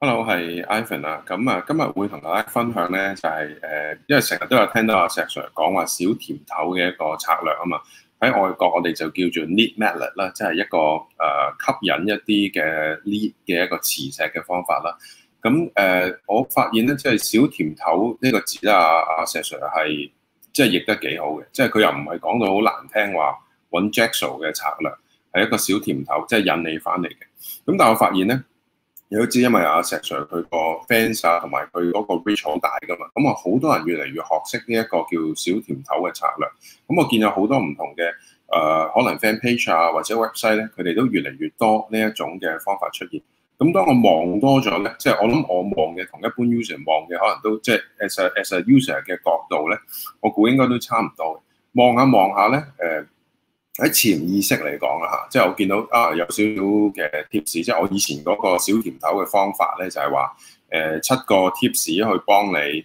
Hello，係 Ivan 啊。咁啊，今日會同大家分享咧，就係、是、誒，因為成日都有聽到阿石 Sir 講話小甜頭嘅一個策略啊嘛。喺外國我哋就叫做 lead magnet 啦，let, 即係一個誒吸引一啲嘅 lead 嘅一個磁石嘅方法啦。咁、嗯、誒，我發現咧，即係小甜頭呢個字啊，阿石 Sir 係即係譯得幾好嘅，即係佢又唔係講到好難聽話，揾 jackal 嘅策略係一個小甜頭，即係引你翻嚟嘅。咁但係我發現咧。你都知，因為阿石 Sir 佢個 fans 啊，同埋佢嗰個 reach 好大噶嘛，咁啊好多人越嚟越學識呢一個叫小甜頭嘅策略。咁我見有好多唔同嘅誒，可能 fan page 啊，或者 website 咧，佢哋都越嚟越多呢一種嘅方法出現。咁當我望多咗咧，即係我諗我望嘅同一般 user 望嘅，可能都即係 as a as a user 嘅角度咧，我估應該都差唔多嘅。望下望下咧，誒。喺潛意識嚟講啊，嚇，即係我見到啊有少少嘅貼士，即係我以前嗰個小甜頭嘅方法咧，就係話誒七個貼士去幫你誒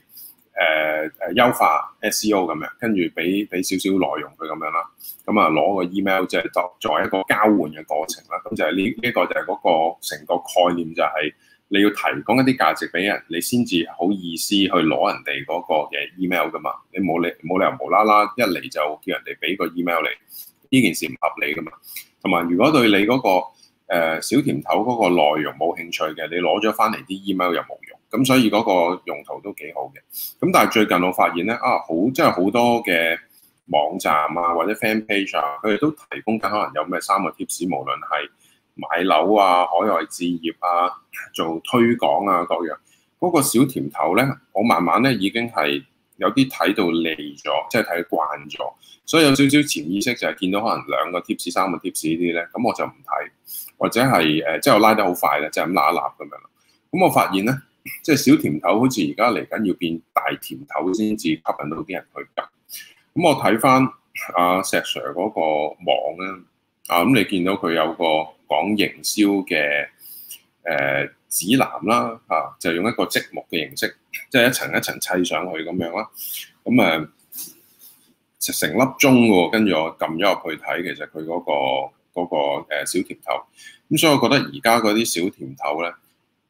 誒優化 SEO 咁樣，跟住俾俾少少內容佢咁樣啦，咁啊攞個 email 即係作作為一個交換嘅過程啦，咁就係呢一個就係嗰個成個概念就係你要提供一啲價值俾人，你先至好意思去攞人哋嗰個嘅 email 噶嘛，你冇你冇理由無啦啦一嚟就叫人哋俾個 email 嚟。呢件事唔合理噶嘛，同埋如果對你嗰個呃小甜頭嗰個內容冇興趣嘅，你攞咗翻嚟啲 email 又冇用，咁所以嗰個用途都幾好嘅。咁但係最近我發現咧，啊好即係好多嘅網站啊或者 fan page 啊，佢哋都提供緊可能有咩三個貼士，無論係買樓啊、海外置業啊、做推廣啊各樣。嗰個小甜頭咧，我慢慢咧已經係。有啲睇到利咗，即係睇慣咗，所以有少少潛意識就係見到可能兩個貼士、三個貼士呢啲咧，咁我就唔睇，或者係誒，即、呃、係、就是、我拉得好快咧，即係咁揦一揦咁樣啦。咁我發現咧，即、就、係、是、小甜頭好似而家嚟緊要變大甜頭先至吸引到啲人去撳。咁我睇翻阿石 Sir 嗰個網咧，啊咁、嗯、你見到佢有個講營銷嘅誒。呃指南啦，啊，就用一個積木嘅形式，即係一層一層砌上去咁樣啦。咁、嗯、誒，成成粒鐘喎、啊，跟住我撳咗入去睇，其實佢嗰、嗰個嗰、嗰個呃、小甜頭。咁、嗯、所以我覺得而家嗰啲小甜頭咧，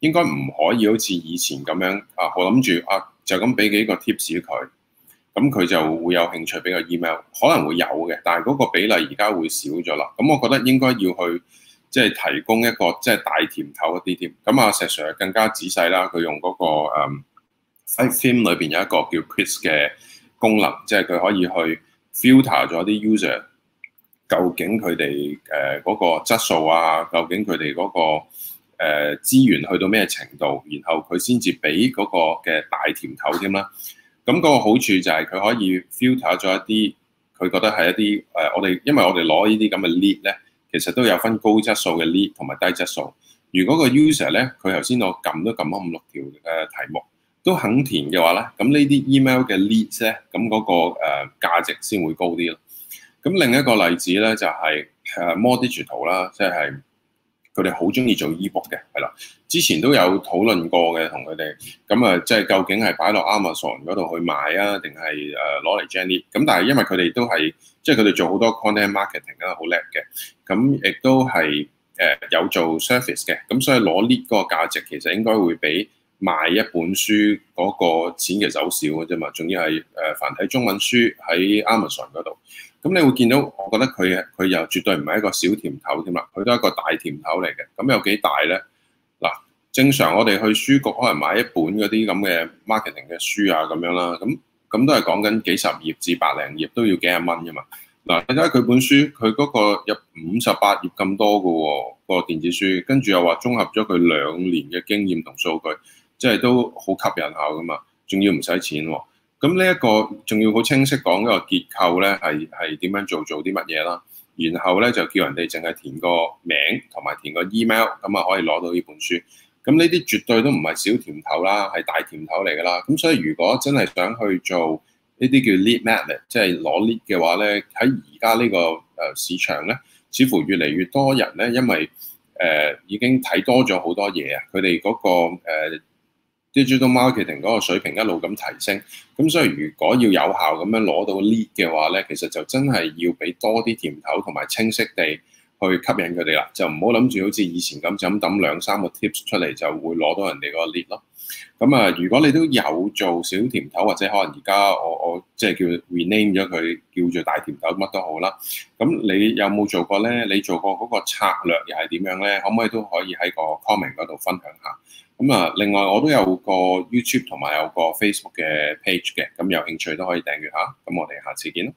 應該唔可以好似以前咁樣啊。我諗住啊，就咁俾幾個貼士佢，咁、嗯、佢就會有興趣俾個 email，可能會有嘅。但係嗰個比例而家會少咗啦。咁、嗯、我覺得應該要去。即係提供一個即係大甜頭嗰啲添，咁、啊、阿石 Sir 更加仔細啦，佢用嗰、那個 f、um, iFilm 裏邊有一個叫 Quiz 嘅功能，即係佢可以去 filter 咗啲 user，究竟佢哋誒嗰個質素啊，究竟佢哋嗰個誒資、呃、源去到咩程度，然後佢先至俾嗰個嘅大甜頭添啦。咁、那、嗰個好處就係佢可以 filter 咗一啲，佢覺得係一啲誒、呃，我哋因為我哋攞呢啲咁嘅 lead 咧。其實都有分高質素嘅 lead 同埋低質素。如果個 user 咧，佢頭先我撳都撳咗五六條誒題目，都肯填嘅話咧，咁呢啲 email 嘅 leads 咧，咁嗰、那個誒價、呃、值先會高啲咯。咁另一個例子咧，就係誒 multi 圖啦，即係。佢哋好中意做 e-book 嘅，係啦，之前都有討論過嘅，同佢哋咁啊，即係究竟係擺落 Amazon 嗰度去賣啊，定係誒攞嚟 gen lead？咁但係因為佢哋都係即係佢哋做好多 content marketing 啦，好叻嘅，咁亦都係誒有做 service 嘅，咁所以攞 lead 嗰個價值其實應該會比。賣一本書嗰個錢其實好少嘅啫嘛，仲要係誒繁體中文書喺 Amazon 嗰度，咁你會見到，我覺得佢佢又絕對唔係一個小甜頭添啦，佢都係一個大甜頭嚟嘅。咁有幾大咧？嗱，正常我哋去書局可能買一本嗰啲咁嘅 marketing 嘅書啊，咁樣啦，咁咁都係講緊幾十頁至百零頁都要幾十蚊嘅嘛。嗱，睇睇佢本書佢嗰個有五十八頁咁多嘅喎，哦，個電子書，跟住又話綜合咗佢兩年嘅經驗同數據。即係都好吸引口㗎嘛，仲要唔使錢喎。咁呢一個仲要好清晰講呢個結構咧，係係點樣做，做啲乜嘢啦。然後咧就叫人哋淨係填個名同埋填個 email，咁啊可以攞到呢本書。咁呢啲絕對都唔係小甜頭啦，係大甜頭嚟㗎啦。咁所以如果真係想去做呢啲叫 lead magnet，即係攞 lead 嘅話咧，喺而家呢個誒市場咧，似乎越嚟越多人咧，因為誒、呃、已經睇多咗好多嘢啊，佢哋嗰個、呃啲主動 marketing 嗰個水平一路咁提升，咁所以如果要有效咁樣攞到 lead 嘅話咧，其實就真係要俾多啲甜頭同埋清晰地，去吸引佢哋啦，就唔好諗住好似以前咁就咁抌兩三個 tips 出嚟，就會攞到人哋個 lead 咯。咁啊，如果你都有做小甜頭，或者可能而家我我即係叫 rename 咗佢叫做大甜頭，乜都好啦。咁你有冇做過咧？你做過嗰個策略又係點樣咧？可唔可以都可以喺個 comment 嗰度分享下？咁啊，另外我都有個 YouTube 同埋有個 Facebook 嘅 page 嘅，咁有興趣都可以訂閱下。咁我哋下次見咯。